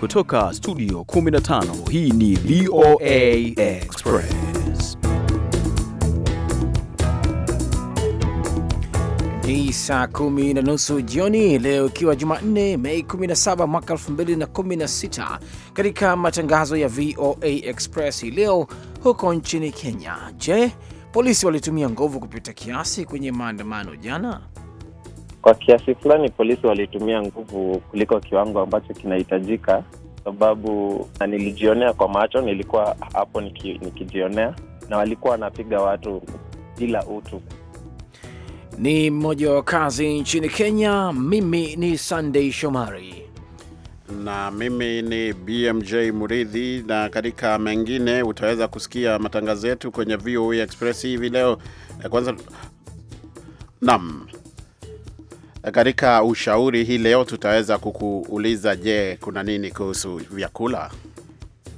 Kutoka studio 15 hii ni VOA Express. Ni saa kumi na nusu jioni leo, ikiwa Jumanne Mei 17 mwaka 2016. Katika matangazo ya VOA Express hii leo, huko nchini Kenya, je, polisi walitumia nguvu kupita kiasi kwenye maandamano jana? Kwa kiasi fulani polisi walitumia nguvu kuliko kiwango ambacho kinahitajika, sababu na nilijionea kwa macho, nilikuwa hapo niki, nikijionea na walikuwa wanapiga watu bila utu. Ni mmoja wa kazi nchini Kenya. Mimi ni sandei Shomari na mimi ni BMJ Muridhi. Na katika mengine utaweza kusikia matangazo yetu kwenye VOA e Express hivi leo. Kwanza nam katika ushauri hii leo tutaweza kukuuliza, je, kuna nini kuhusu vyakula,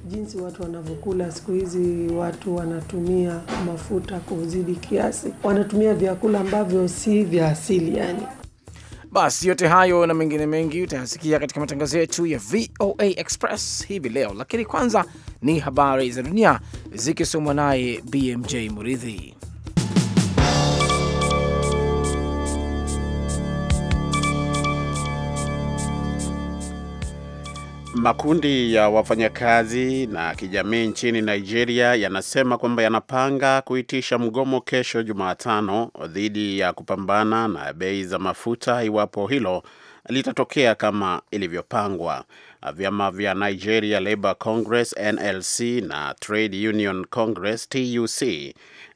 jinsi watu wanavyokula siku hizi. Watu wanatumia mafuta kuzidi kiasi, wanatumia vyakula ambavyo si vya asili yani. Basi yote hayo na mengine mengi utayasikia katika matangazo yetu ya VOA Express hivi leo, lakini kwanza ni habari za dunia zikisomwa naye BMJ Muridhi. Makundi ya wafanyakazi na kijamii nchini Nigeria yanasema kwamba yanapanga kuitisha mgomo kesho Jumatano dhidi ya kupambana na bei za mafuta iwapo hilo litatokea kama ilivyopangwa vyama vya Nigeria Labour Congress NLC na Trade Union Congress TUC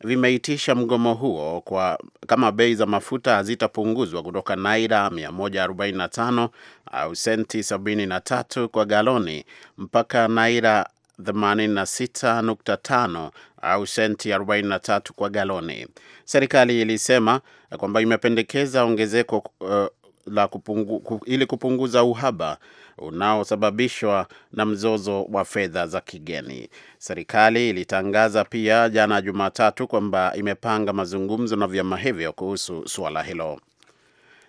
vimeitisha mgomo huo kwa kama bei za mafuta hazitapunguzwa kutoka naira 145 au senti 73 kwa galoni mpaka naira 86.5 au senti 43 kwa galoni. Serikali ilisema kwamba imependekeza ongezeko uh, la kupungu, ili kupunguza uhaba unaosababishwa na mzozo wa fedha za kigeni. Serikali ilitangaza pia jana Jumatatu kwamba imepanga mazungumzo na vyama hivyo kuhusu suala hilo.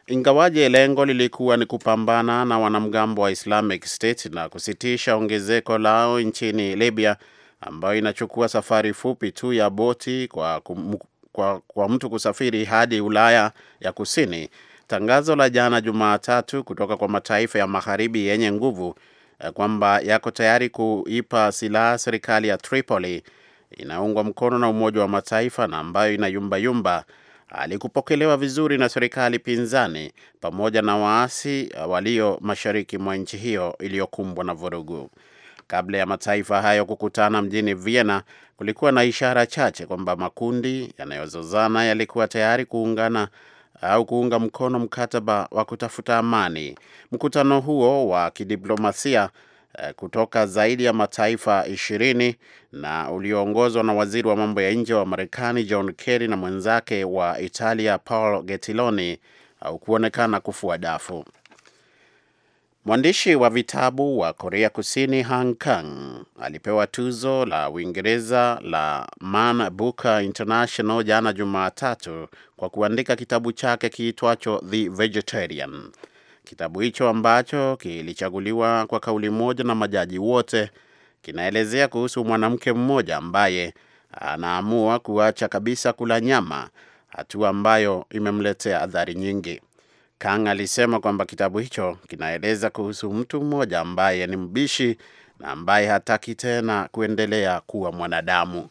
Ingawaje lengo lilikuwa ni kupambana na wanamgambo wa Islamic State na kusitisha ongezeko lao nchini Libya, ambayo inachukua safari fupi tu ya boti kwa, kum, kwa, kwa mtu kusafiri hadi Ulaya ya Kusini. Tangazo la jana Jumatatu kutoka kwa mataifa ya magharibi yenye nguvu eh, kwamba yako tayari kuipa silaha serikali ya Tripoli inaungwa mkono na Umoja wa Mataifa na ambayo ina yumbayumba alikupokelewa vizuri na serikali pinzani pamoja na waasi eh, walio mashariki mwa nchi hiyo iliyokumbwa na vurugu. Kabla ya mataifa hayo kukutana mjini Vienna, kulikuwa na ishara chache kwamba makundi yanayozozana yalikuwa tayari kuungana au kuunga mkono mkataba wa kutafuta amani. Mkutano huo wa kidiplomasia eh, kutoka zaidi ya mataifa ishirini na ulioongozwa na waziri wa mambo ya nje wa Marekani John Kerry na mwenzake wa Italia Paolo Gentiloni aukuonekana kufua dafu. Mwandishi wa vitabu wa Korea Kusini hong Kang alipewa tuzo la Uingereza la Man Booker International jana Jumatatu kwa kuandika kitabu chake kiitwacho The Vegetarian. Kitabu hicho ambacho kilichaguliwa kwa kauli moja na majaji wote kinaelezea kuhusu mwanamke mmoja ambaye anaamua kuacha kabisa kula nyama, hatua ambayo imemletea adhari nyingi. Kang alisema kwamba kitabu hicho kinaeleza kuhusu mtu mmoja ambaye ni mbishi na ambaye hataki tena kuendelea kuwa mwanadamu.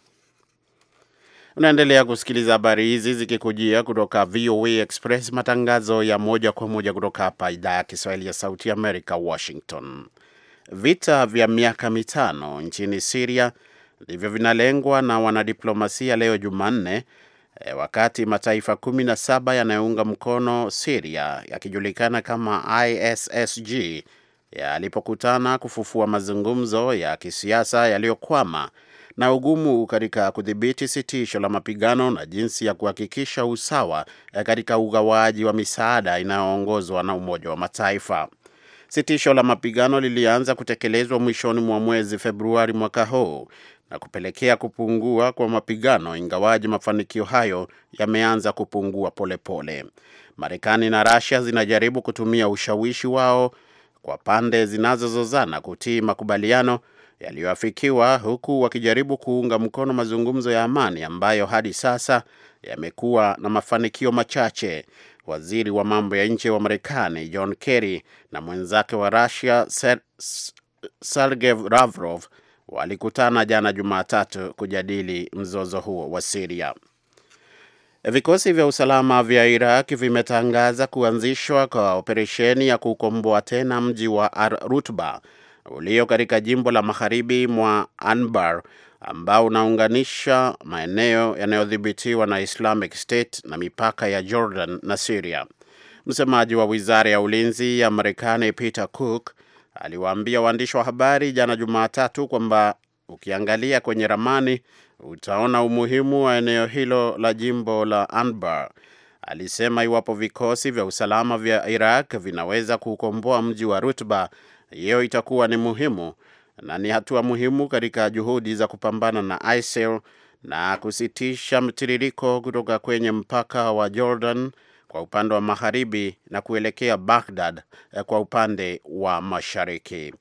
Unaendelea kusikiliza habari hizi zikikujia kutoka VOA Express, matangazo ya moja kwa moja kutoka hapa idhaa ya Kiswahili ya Sauti Amerika, Washington. Vita vya miaka mitano nchini Siria ndivyo vinalengwa na wanadiplomasia leo Jumanne E, wakati mataifa 17 yanayounga mkono Siria yakijulikana kama ISSG yalipokutana kufufua mazungumzo ya kisiasa yaliyokwama na ugumu katika kudhibiti sitisho la mapigano na jinsi ya kuhakikisha usawa e, katika ugawaji wa misaada inayoongozwa na Umoja wa Mataifa. Sitisho la mapigano lilianza kutekelezwa mwishoni mwa mwezi Februari mwaka huu na kupelekea kupungua kwa mapigano, ingawaji mafanikio hayo yameanza kupungua polepole. Marekani na Russia zinajaribu kutumia ushawishi wao kwa pande zinazozozana kutii makubaliano yaliyoafikiwa huku wakijaribu kuunga mkono mazungumzo ya amani ambayo hadi sasa yamekuwa na mafanikio machache. Waziri wa mambo ya nje wa Marekani John Kerry na mwenzake wa Russia Sergey Lavrov walikutana jana Jumatatu kujadili mzozo huo wa Siria. Vikosi vya usalama vya Iraq vimetangaza kuanzishwa kwa operesheni ya kukomboa tena mji wa Rutba ulio katika jimbo la magharibi mwa Anbar ambao unaunganisha maeneo yanayodhibitiwa na Islamic State na mipaka ya Jordan na Syria. Msemaji wa wizara ya ulinzi ya Marekani Peter Cook aliwaambia waandishi wa habari jana Jumatatu kwamba ukiangalia kwenye ramani utaona umuhimu wa eneo hilo la jimbo la Anbar. Alisema iwapo vikosi vya usalama vya Iraq vinaweza kuukomboa mji wa Rutba, hiyo itakuwa ni muhimu na ni hatua muhimu katika juhudi za kupambana na ISIL na kusitisha mtiririko kutoka kwenye mpaka wa Jordan kwa upande wa magharibi na kuelekea Baghdad eh, kwa upande wa mashariki.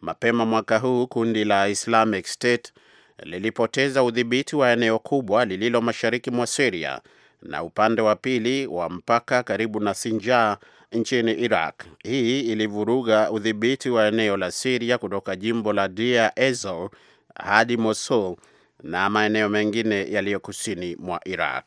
Mapema mwaka huu kundi la Islamic State eh, lilipoteza udhibiti wa eneo kubwa lililo mashariki mwa Syria na upande wa pili wa mpaka karibu na Sinjar nchini Iraq. Hii ilivuruga udhibiti wa eneo la Syria kutoka jimbo la Deir Ezzor hadi Mosul na maeneo mengine yaliyo kusini mwa Iraq.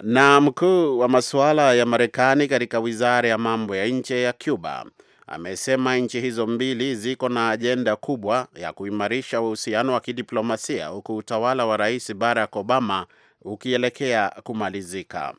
Na mkuu wa masuala ya Marekani katika wizara ya mambo ya nje ya Cuba amesema nchi hizo mbili ziko na ajenda kubwa ya kuimarisha uhusiano wa kidiplomasia huku utawala wa Rais Barack Obama ukielekea kumalizika.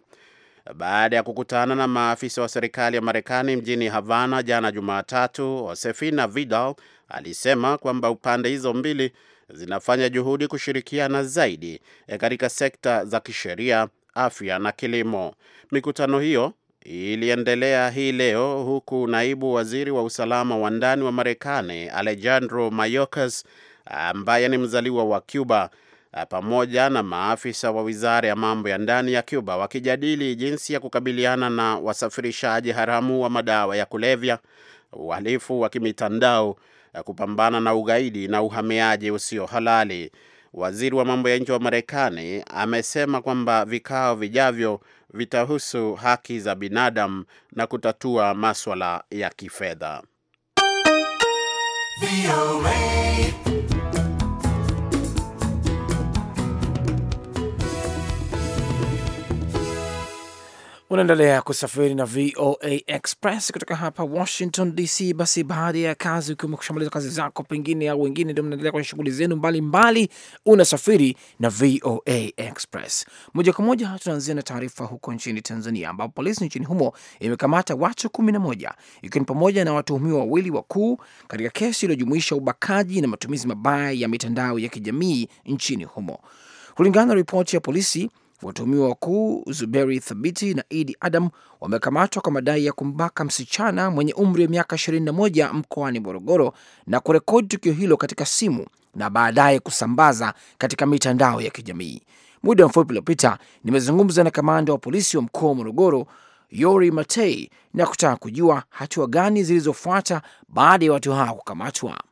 Baada ya kukutana na maafisa wa serikali ya Marekani mjini Havana jana Jumatatu, Josefina Vidal alisema kwamba upande hizo mbili zinafanya juhudi kushirikiana zaidi eh, katika sekta za kisheria, afya na kilimo. Mikutano hiyo iliendelea hii leo huku naibu waziri wa usalama wa ndani wa Marekani Alejandro Mayorkas ambaye ni mzaliwa wa Cuba pamoja na maafisa wa wizara ya mambo ya ndani ya Cuba wakijadili jinsi ya kukabiliana na wasafirishaji haramu wa madawa ya kulevya, uhalifu wa kimitandao, kupambana na ugaidi na uhamiaji usio halali. Waziri wa mambo ya nje wa Marekani amesema kwamba vikao vijavyo vitahusu haki za binadamu na kutatua maswala ya kifedha. Unaendelea kusafiri na VOA Express kutoka hapa Washington DC. Basi baada ya kazi, ukiwa umekushamaliza kazi zako pengine, au wengine ndio mnaendelea kwenye shughuli zenu mbalimbali, unasafiri na VOA Express moja kwa moja. Tunaanzia na taarifa huko nchini Tanzania, ambapo polisi nchini humo imekamata watu kumi na moja ikiwa ni pamoja na watuhumiwa wawili wakuu katika kesi iliyojumuisha ubakaji na matumizi mabaya ya mitandao ya kijamii nchini humo. Kulingana na ripoti ya polisi, Watuhumiwa wakuu Zuberi Thabiti na Idi Adam wamekamatwa kwa madai ya kumbaka msichana mwenye umri wa miaka 21 mkoani Morogoro na kurekodi tukio hilo katika simu na baadaye kusambaza katika mitandao ya kijamii. Muda mfupi uliopita nimezungumza na kamanda wa polisi wa mkoa wa Morogoro Yori Matei na kutaka kujua hatua gani zilizofuata baada ya watu hawa kukamatwa.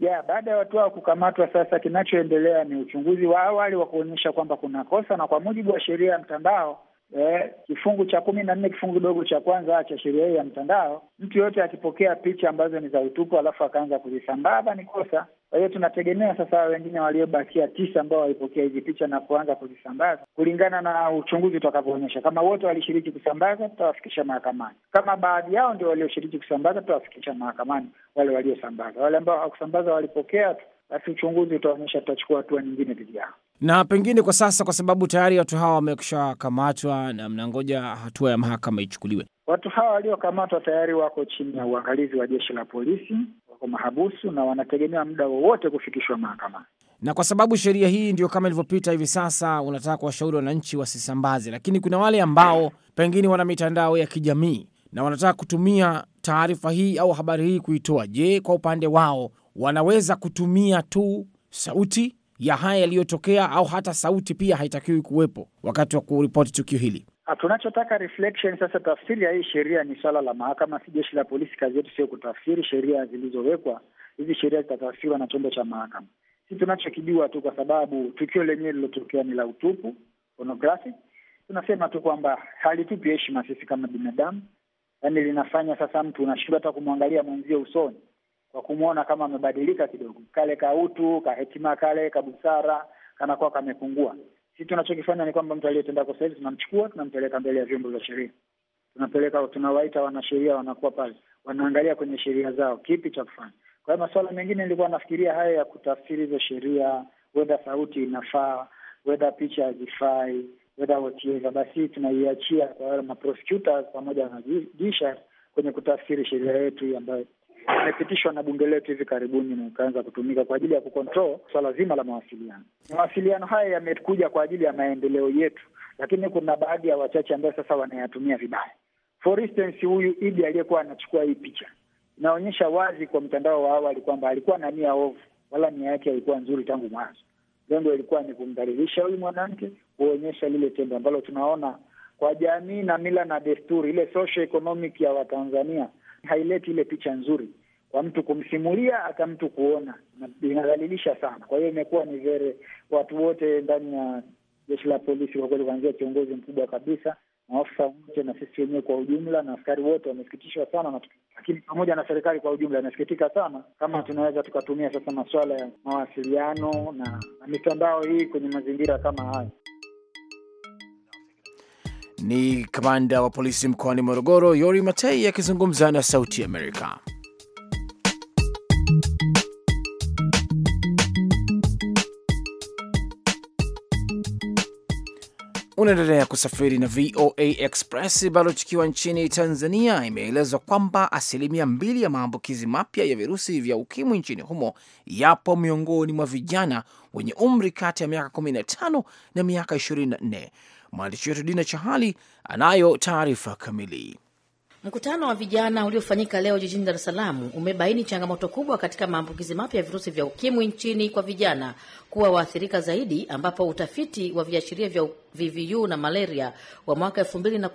Yeah, baada ya watu hao kukamatwa, sasa kinachoendelea ni uchunguzi wa awali wa kuonyesha kwamba kuna kosa, na kwa mujibu wa sheria ya mtandao eh, kifungu cha kumi na nne kifungu kidogo cha kwanza cha sheria hii ya mtandao, mtu yoyote akipokea picha ambazo ni za utupu alafu akaanza kuzisambaza ni kosa. Kwa hiyo tunategemea sasa wengine waliobakia tisa ambao walipokea hizi picha na kuanza kuzisambaza kulingana na uchunguzi utakavyoonyesha. Kama wote walishiriki kusambaza, tutawafikisha mahakamani. Kama baadhi yao ndio walioshiriki kusambaza, tutawafikisha mahakamani wale waliosambaza. Wale ambao hawakusambaza walipokea tu, basi uchunguzi utaonyesha, tutachukua hatua nyingine dhidi yao. Na pengine kwa sasa, kwa sababu tayari watu hawa wamekusha kamatwa na mnangoja hatua ya mahakama ichukuliwe, watu hawa waliokamatwa tayari wako chini ya uangalizi wa jeshi la polisi wako mahabusu na wanategemea muda wowote kufikishwa mahakamani. Na kwa sababu sheria hii ndio kama ilivyopita hivi sasa, unataka kuwashauri wananchi wasisambaze, lakini kuna wale ambao pengine wana mitandao ya kijamii na wanataka kutumia taarifa hii au habari hii kuitoa. Je, kwa upande wao wanaweza kutumia tu sauti ya haya yaliyotokea, au hata sauti pia haitakiwi kuwepo wakati wa kuripoti tukio hili? Ah, tunachotaka reflection sasa, tafsiri ya hii sheria ni swala la mahakama, si jeshi la polisi. Kazi yetu sio kutafsiri sheria zilizowekwa, hizi sheria zitatafsiriwa na chombo cha mahakama. Si tunachokijua tu, kwa sababu tukio lenyewe lilotokea ni la utupu pornography. Tunasema tu kwamba halitupi heshima sisi kama binadamu, yaani linafanya sasa mtu unashindwa hata kumwangalia mwenzio usoni kwa kumwona kama amebadilika kidogo, kale kautu kahekima kale kabusara kanakuwa kamepungua kitu tunachokifanya ni kwamba mtu aliyetenda kosa hili tunamchukua, tunampeleka mbele ya vyombo vya sheria, tunapeleka, tunawaita wanasheria, wanakuwa pale, wanaangalia kwenye sheria zao kipi cha kufanya. Kwa hiyo masuala mengine nilikuwa nafikiria hayo ya kutafsiri hizo sheria, weda sauti inafaa, weda picha hazifai, weda watieva, basi tunaiachia kwa wale maprosecutors pamoja na jisha kwenye kutafsiri sheria yetu hii ambayo amepitishwa na bunge letu hivi karibuni na ikaanza kutumika kwa ajili ya kukontrol swala zima la mawasiliano. Mawasiliano haya yamekuja kwa ajili ya maendeleo yetu, lakini kuna baadhi ya wachache ambayo sasa wanayatumia vibaya. For instance, huyu Idi aliyekuwa anachukua hii picha inaonyesha wazi kwa mtandao wa awali kwamba alikuwa na nia ovu, wala nia yake alikuwa nzuri tangu mwanzo. Lengo ilikuwa ni kumdhalilisha huyu mwanamke, kuonyesha lile tendo ambalo tunaona kwa jamii na mila na desturi ile socio economic ya Watanzania haileti ile picha nzuri kwa mtu kumsimulia, hata mtu kuona, inadhalilisha sana. Kwa hiyo imekuwa ni vere watu wote ndani ya jeshi la polisi kwa kweli, kuanzia kiongozi mkubwa kabisa, maafisa wote na sisi wenyewe kwa ujumla, na askari wote wamesikitishwa sana na, lakini pamoja na serikali kwa ujumla inasikitika sana kama tunaweza tukatumia sasa masuala ya mawasiliano na, na mitandao hii kwenye mazingira kama haya. Ni kamanda wa polisi mkoani Morogoro, Yori Matei, akizungumza na Sauti Amerika. Unaendelea kusafiri na VOA Express. Bado tukiwa nchini Tanzania, imeelezwa kwamba asilimia mbili ya maambukizi mapya ya virusi vya ukimwi nchini humo yapo miongoni mwa vijana wenye umri kati ya miaka 15 na miaka 24 Mwandishi wetu Dina Chahali anayo taarifa kamili. Mkutano wa vijana uliofanyika leo jijini Dar es Salaam umebaini changamoto kubwa katika maambukizi mapya ya virusi vya ukimwi nchini kwa vijana kuwa waathirika zaidi, ambapo utafiti wa viashiria vya VVU na malaria wa mwaka 2011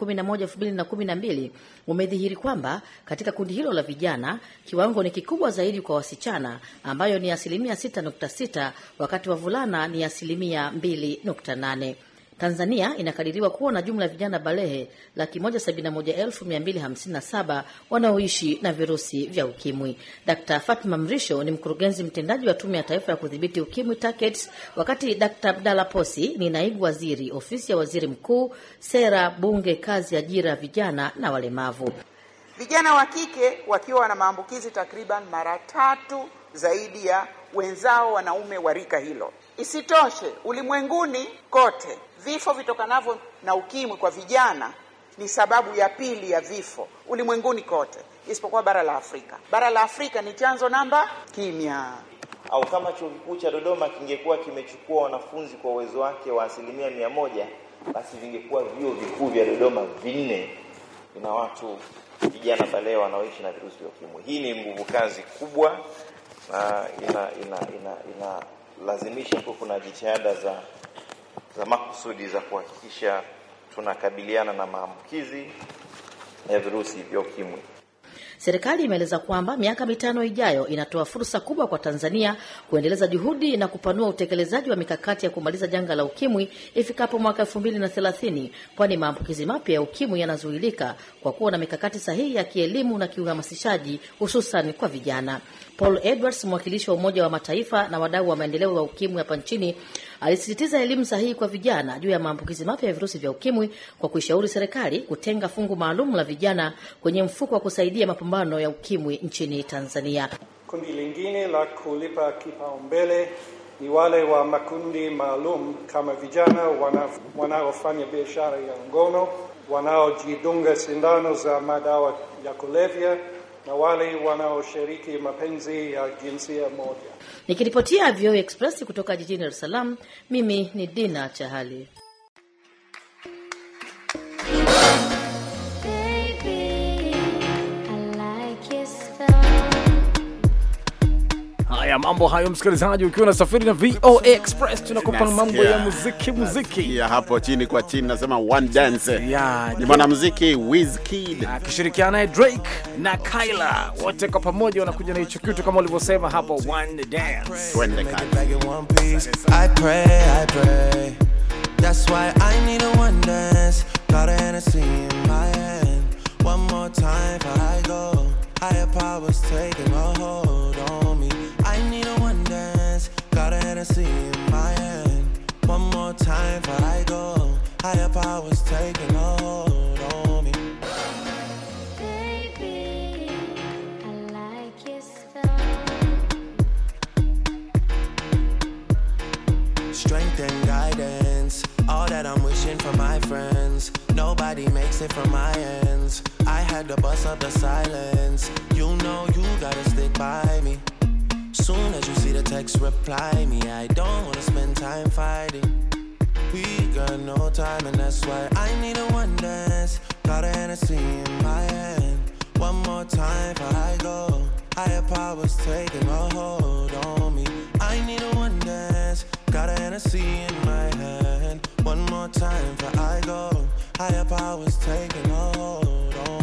2012 umedhihiri kwamba katika kundi hilo la vijana kiwango ni kikubwa zaidi kwa wasichana ambayo ni asilimia 6.6 wakati wavulana ni asilimia 2.8. Tanzania inakadiriwa kuwa na jumla ya vijana balehe laki moja sabini na moja elfu mia mbili hamsini na saba wanaoishi na virusi vya ukimwi. Dkt Fatma Mrisho ni mkurugenzi mtendaji wa Tume ya Taifa ya Kudhibiti Ukimwi TACAIDS, wakati Dkt Abdalla Posi ni naibu waziri ofisi ya waziri mkuu, sera, bunge, kazi, ajira, vijana na walemavu. Vijana wa kike wakiwa na maambukizi takriban mara tatu zaidi ya wenzao wanaume wa rika hilo. Isitoshe, ulimwenguni kote vifo vitokanavyo na ukimwi kwa vijana ni sababu ya pili ya vifo ulimwenguni kote isipokuwa bara la Afrika. Bara la Afrika ni chanzo namba kimya. Au kama chuo kikuu cha Dodoma kingekuwa kimechukua wanafunzi kwa uwezo wake wa asilimia mia moja, basi vingekuwa vyuo vikuu vya Dodoma vinne vina watu vijana pale wanaoishi na virusi vya ukimwi. Hii ni nguvu kazi kubwa na ina, ina, ina, ina lazimishi huko kuna jitihada za, za makusudi za kuhakikisha tunakabiliana na maambukizi ya virusi vya ukimwi. Serikali imeeleza kwamba miaka mitano ijayo inatoa fursa kubwa kwa Tanzania kuendeleza juhudi na kupanua utekelezaji wa mikakati ya kumaliza janga la ukimwi ifikapo mwaka elfu mbili na thelathini, kwani maambukizi mapya ya ukimwi yanazuilika kwa kuwa na mikakati sahihi ya kielimu na kiuhamasishaji, hususan kwa vijana. Paul Edwards, mwakilishi wa Umoja wa Mataifa na wadau wa maendeleo ya ukimwi hapa nchini, alisisitiza elimu sahihi kwa vijana juu ya maambukizi mapya ya virusi vya ukimwi kwa kuishauri serikali kutenga fungu maalum la vijana kwenye mfuko wa kusaidia mapambano ya ukimwi nchini Tanzania. Kundi lingine la kulipa kipaumbele ni wale wa makundi maalum kama vijana wanaofanya biashara ya ngono, wanaojidunga sindano za madawa ya kulevya na wale wanaoshiriki mapenzi ya jinsia moja. Nikiripotia VOA Express kutoka jijini Dar es Salaam, mimi ni Dina Chahali. Haya, mambo hayo msikilizaji, ukiwa unasafiri na VOA Express tunakupa mambo ya muziki muziki. Ya hapo chini kwa chini nasema one dance. Ni mwanamuziki Wizkid akishirikiana naye Drake na Kyla, wote kwa pamoja wanakuja na hicho kitu kama ulivyosema hapo one dance. I pray, I pray. That's why I need a one dance. Got a Hennessy in my hand. One more time I go. Higher powers taking a hold on I need a one dance, got a Hennessy in my hand. One more time before I go, higher powers taking hold on me. Baby, I like your style. Strength and guidance, all that I'm wishing for my friends. Nobody makes it from my ends. I had to bust up the silence. You know you gotta stick by me. Soon as you see the text, reply me. I don't wanna spend time fighting. We got no time, and that's why I need a one dance. Got a Hennessy in my hand. One more time before I go. Higher powers taking a hold on me. I need a one dance. Got a Hennessy in my hand. One more time before I go. Higher powers taking a hold on me.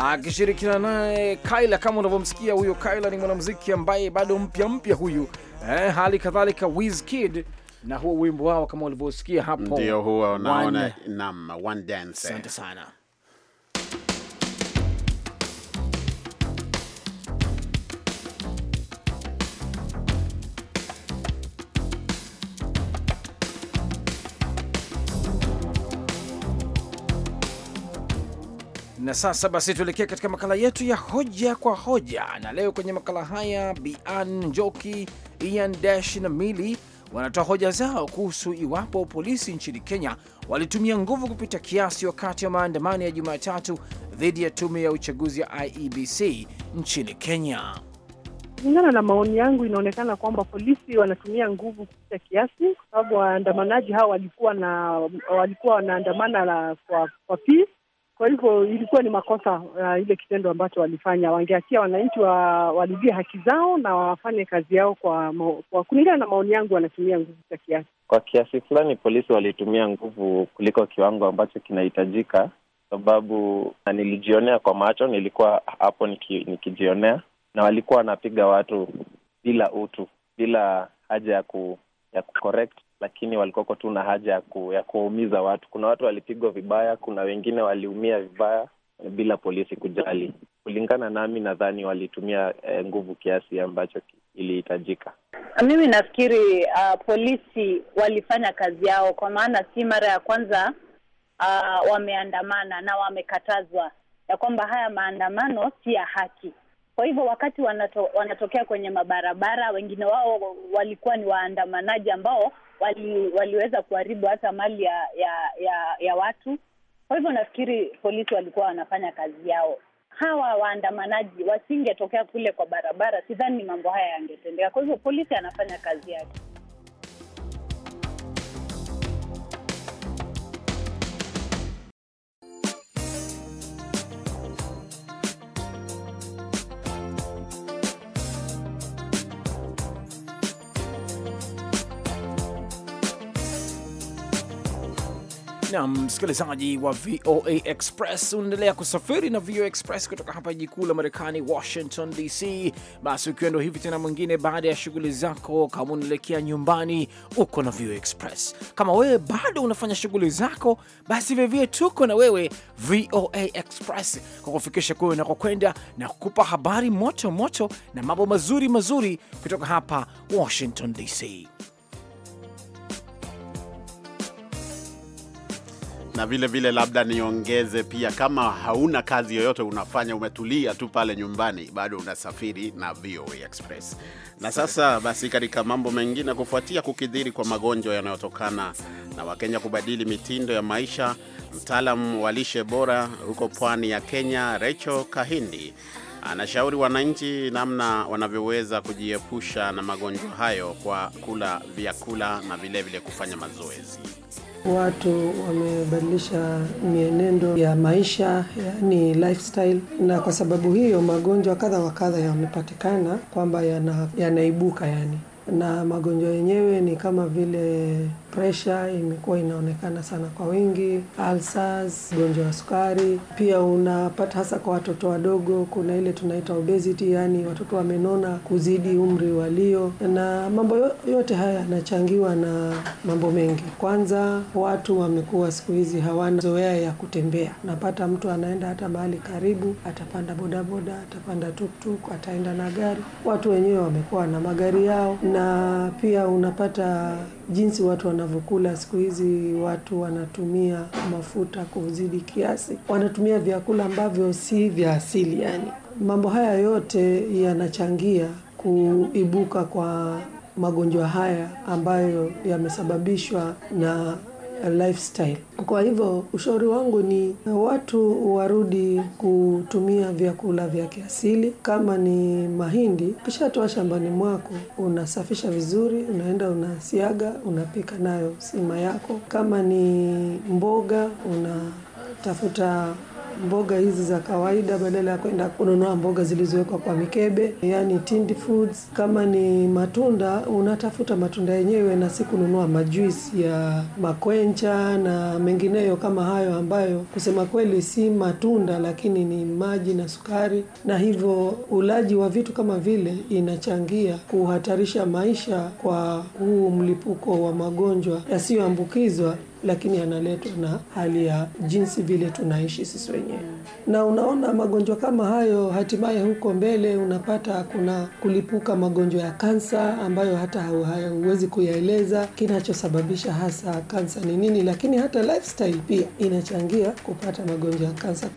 akishirikiana naye eh, Kaila. Kama unavyomsikia huyo Kaila ni mwanamuziki ambaye bado mpya mpya huyu eh, hali kadhalika Wizkid na huo wimbo wao kama ulivyosikia hapo, ndio huo naona, naam, one dance. Asante sana. Na sasa basi tuelekee katika makala yetu ya hoja kwa hoja, na leo kwenye makala haya Bian Njoki, Ian Dash na Mili wanatoa hoja zao kuhusu iwapo polisi nchini Kenya walitumia nguvu kupita kiasi wakati wa maandamano ya Jumatatu dhidi ya tume ya uchaguzi ya IEBC nchini Kenya. Kulingana na maoni yangu, inaonekana kwamba polisi wanatumia nguvu kupita kiasi, kwa sababu waandamanaji hao walikuwa na walikuwa wanaandamana kwa, kwa peace kwa hivyo ilikuwa ni makosa uh, ile kitendo ambacho walifanya. Wangeachia wananchi wa, walivie haki zao na wafanye kazi yao kwa, kwa kulingana na maoni yangu, wanatumia nguvu za kiasi. Kwa kiasi fulani polisi walitumia nguvu kuliko kiwango ambacho kinahitajika, sababu na nilijionea kwa macho, nilikuwa hapo niki, nikijionea, na walikuwa wanapiga watu bila utu, bila haja ya ku, ya kucorrect lakini walikuwako tu na haja ya, ku, ya kuwaumiza watu. Kuna watu walipigwa vibaya, kuna wengine waliumia vibaya bila polisi kujali. Kulingana nami, nadhani walitumia eh, nguvu kiasi ambacho ilihitajika. Mimi nafikiri uh, polisi walifanya kazi yao, kwa maana si mara ya kwanza uh, wameandamana na wamekatazwa ya kwamba haya maandamano si ya haki. Kwa hivyo wakati wanato, wanatokea kwenye mabarabara, wengine wao walikuwa ni waandamanaji ambao wali, waliweza kuharibu hata mali ya ya ya, ya watu. Kwa hivyo nafikiri polisi walikuwa wanafanya kazi yao. Hawa waandamanaji wasingetokea kule kwa barabara, sidhani mambo haya yangetendeka. Kwa hivyo polisi anafanya kazi yake. na msikilizaji wa VOA Express, unaendelea kusafiri na VOA Express kutoka hapa jiji kuu la Marekani, Washington DC. Basi ukiwa ndo hivi tena mwingine baada ya shughuli zako, kama unaelekea nyumbani, uko na VOA Express. Kama wewe bado unafanya shughuli zako, basi vilevile tuko na wewe VOA Express kwa kufikisha kule unakokwenda na kukupa habari moto moto na mambo mazuri mazuri kutoka hapa Washington DC. na vile vile labda niongeze pia, kama hauna kazi yoyote unafanya, umetulia tu pale nyumbani, bado unasafiri na VOA Express. Na sasa basi, katika mambo mengine, kufuatia kukidhiri kwa magonjwa yanayotokana na Wakenya kubadili mitindo ya maisha, mtaalamu wa lishe bora huko pwani ya Kenya Rachel Kahindi anashauri wananchi namna wanavyoweza kujiepusha na magonjwa hayo kwa kula vyakula na vilevile vile kufanya mazoezi watu wamebadilisha mienendo ya maisha, yani lifestyle, na kwa sababu hiyo magonjwa kadha wa kadha yamepatikana kwamba yanaibuka yana yani, na magonjwa yenyewe ni kama vile Pressure imekuwa inaonekana sana kwa wingi, ulcers, ugonjwa wa sukari pia unapata hasa kwa watoto wadogo. Kuna ile tunaita obesity, yaani watoto wamenona kuzidi umri walio, na mambo yote haya yanachangiwa na mambo mengi. Kwanza, watu wamekuwa siku hizi hawana zoea ya kutembea. Unapata mtu anaenda hata mahali karibu, atapanda bodaboda, atapanda tuktuk, ataenda na gari. Watu wenyewe wamekuwa na magari yao, na pia unapata jinsi watu wanavyokula siku hizi, watu wanatumia mafuta kuzidi kiasi, wanatumia vyakula ambavyo si vya asili. Yani mambo haya yote yanachangia kuibuka kwa magonjwa haya ambayo yamesababishwa na lifestyle. Kwa hivyo ushauri wangu ni watu warudi kutumia vyakula vya kiasili. Kama ni mahindi, ukishatoa shambani mwako unasafisha vizuri, unaenda unasiaga, unapika nayo sima yako. Kama ni mboga, unatafuta mboga hizi za kawaida badala ya kwenda kununua mboga zilizowekwa kwa mikebe, yani tinned foods. Kama ni matunda, unatafuta matunda yenyewe na si kununua majuisi ya makwencha na mengineyo kama hayo, ambayo kusema kweli si matunda, lakini ni maji na sukari, na hivyo ulaji wa vitu kama vile inachangia kuhatarisha maisha kwa huu mlipuko wa magonjwa yasiyoambukizwa lakini yanaletwa na hali ya jinsi vile tunaishi sisi wenyewe. Na unaona magonjwa kama hayo, hatimaye huko mbele unapata kuna kulipuka magonjwa ya kansa ambayo hata huwezi kuyaeleza kinachosababisha hasa kansa ni nini, lakini hata lifestyle pia inachangia kupata magonjwa ya kansa.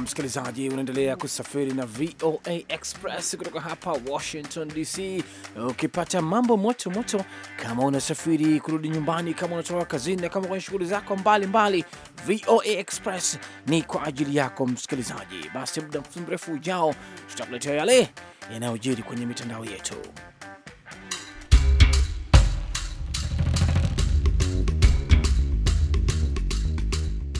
msikilizaji, unaendelea kusafiri na VOA Express kutoka hapa Washington DC, ukipata mambo moto moto kama unasafiri kurudi nyumbani, kama unatoka kazini na kama kwenye shughuli zako mbalimbali. VOA Express ni kwa ajili yako msikilizaji. Basi muda mfupi mrefu ujao, tutakuletea yale yanayojiri kwenye mitandao yetu.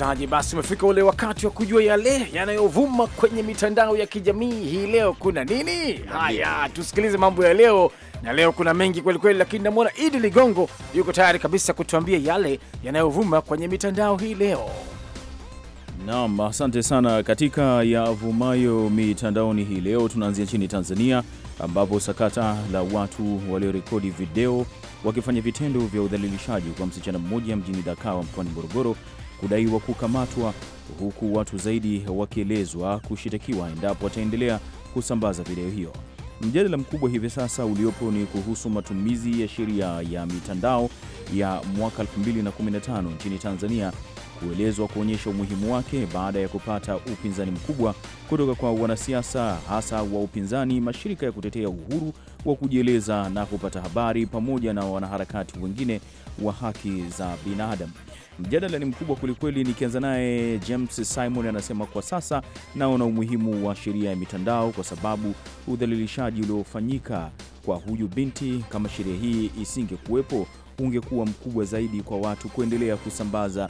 msikilizaji, basi umefika ule wakati wa kujua yale yanayovuma kwenye mitandao ya kijamii hii leo. Kuna nini? Haya, tusikilize mambo ya leo, na leo kuna mengi kweli kweli, lakini namwona Idi Ligongo yuko tayari kabisa kutuambia yale yanayovuma kwenye mitandao hii leo. Naam, asante sana. Katika yavumayo mitandaoni hii leo, tunaanzia nchini Tanzania ambapo sakata la watu waliorekodi video wakifanya vitendo vya udhalilishaji kwa msichana mmoja mjini Dakawa mkoani Morogoro kudaiwa kukamatwa, huku watu zaidi wakielezwa kushitakiwa endapo wataendelea kusambaza video hiyo. Mjadala mkubwa hivi sasa uliopo ni kuhusu matumizi ya sheria ya mitandao ya mwaka 2015 nchini Tanzania kuelezwa kuonyesha umuhimu wake baada ya kupata upinzani mkubwa kutoka kwa wanasiasa hasa wa upinzani, mashirika ya kutetea uhuru wa kujieleza na kupata habari, pamoja na wanaharakati wengine wa haki za binadamu. Mjadala ni mkubwa kwelikweli. Nikianza naye James Simon anasema kwa sasa naona umuhimu wa sheria ya mitandao kwa sababu udhalilishaji uliofanyika kwa huyu binti, kama sheria hii isingekuwepo, ungekuwa mkubwa zaidi kwa watu kuendelea kusambaza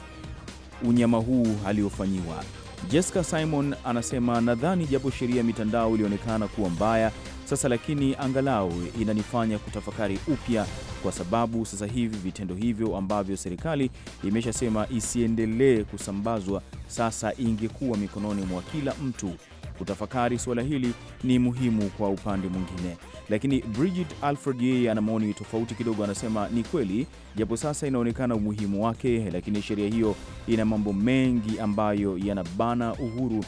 unyama huu aliofanyiwa. Jessica Simon anasema, nadhani japo sheria ya mitandao ilionekana kuwa mbaya sasa, lakini angalau inanifanya kutafakari upya, kwa sababu sasa hivi vitendo hivyo ambavyo serikali imeshasema isiendelee kusambazwa sasa ingekuwa mikononi mwa kila mtu. Kutafakari suala hili ni muhimu. Kwa upande mwingine lakini Bridget alfred yeye ana maoni tofauti kidogo, anasema ni kweli, japo sasa inaonekana umuhimu wake, lakini sheria hiyo ina mambo mengi ambayo yanabana uhuru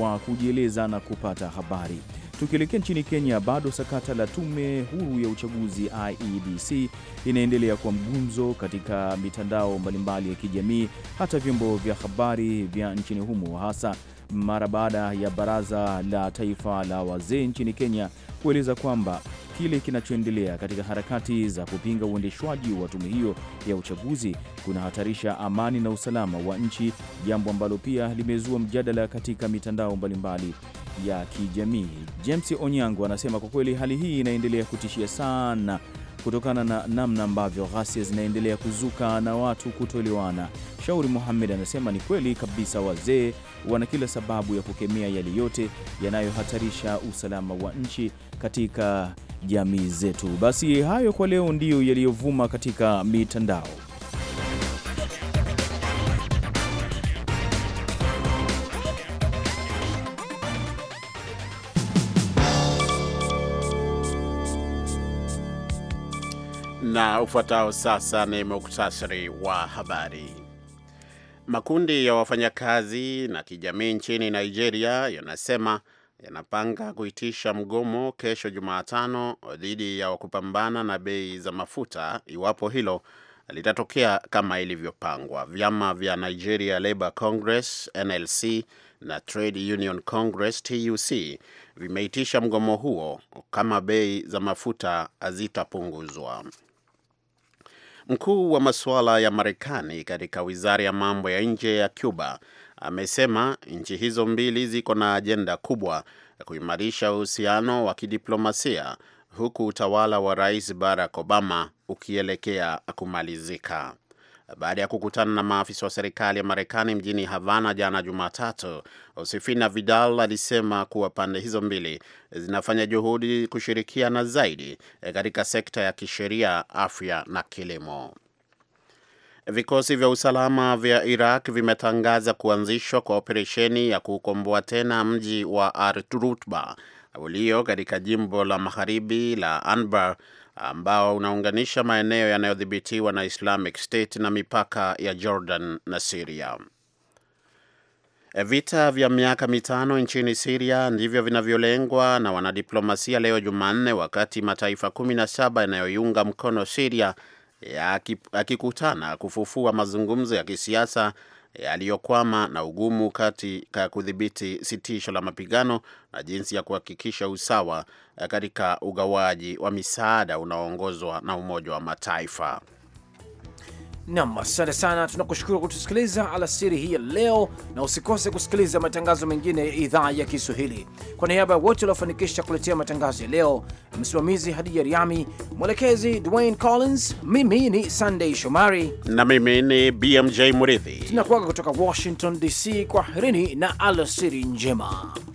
wa kujieleza na kupata habari. Tukielekea nchini Kenya, bado sakata la tume huru ya uchaguzi IEBC inaendelea kuwa mgumzo katika mitandao mbalimbali ya kijamii, hata vyombo vya habari vya nchini humo, hasa mara baada ya Baraza la Taifa la Wazee nchini Kenya kueleza kwamba kile kinachoendelea katika harakati za kupinga uendeshwaji wa tume hiyo ya uchaguzi kunahatarisha amani na usalama wa nchi, jambo ambalo pia limezua mjadala katika mitandao mbalimbali ya kijamii. James Onyango anasema kwa kweli hali hii inaendelea kutishia sana kutokana na namna ambavyo ghasia zinaendelea kuzuka na watu kutoelewana. Shauri Muhamed anasema ni kweli kabisa, wazee wana kila sababu ya kukemea yale yote yanayohatarisha usalama wa nchi katika jamii zetu. Basi hayo kwa leo ndiyo yaliyovuma katika mitandao. Na ufuatao sasa ni muktasari wa habari. Makundi ya wafanyakazi na kijamii nchini Nigeria yanasema yanapanga kuitisha mgomo kesho Jumatano dhidi ya kupambana na bei za mafuta iwapo hilo litatokea kama ilivyopangwa. Vyama vya Nigeria Labour Congress NLC na Trade Union Congress TUC vimeitisha mgomo huo kama bei za mafuta hazitapunguzwa. Mkuu wa masuala ya Marekani katika wizara ya mambo ya nje ya Cuba amesema nchi hizo mbili ziko na ajenda kubwa ya kuimarisha uhusiano wa kidiplomasia huku utawala wa Rais Barack Obama ukielekea kumalizika baada ya kukutana na maafisa wa serikali ya Marekani mjini Havana jana Jumatatu. Josefina Vidal alisema kuwa pande hizo mbili zinafanya juhudi kushirikiana zaidi eh, katika sekta ya kisheria, afya na kilimo. Vikosi vya usalama vya Iraq vimetangaza kuanzishwa kwa operesheni ya kukomboa tena mji wa Artrutba ulio katika jimbo la magharibi la Anbar ambao unaunganisha maeneo yanayodhibitiwa na Islamic State na mipaka ya Jordan na siria Vita vya miaka mitano nchini siria ndivyo vinavyolengwa na wanadiplomasia leo Jumanne, wakati mataifa 17 yanayoiunga mkono siria yakikutana kufufua mazungumzo ya kisiasa yaliyokwama na ugumu katika kudhibiti sitisho la mapigano na jinsi ya kuhakikisha usawa eh, katika ugawaji wa misaada unaoongozwa na Umoja wa Mataifa. Nam, asante sana, tunakushukuru kutusikiliza alasiri hii ya leo, na usikose kusikiliza matangazo mengine ya idhaa ya Kiswahili. Kwa niaba ya wote waliofanikisha kuletea matangazo ya leo, msimamizi Hadija Riami, mwelekezi Dwayne Collins, mimi ni sandey Shomari na mimi ni BMJ murithi tunakuaga kutoka Washington DC. Kwaherini na alasiri njema.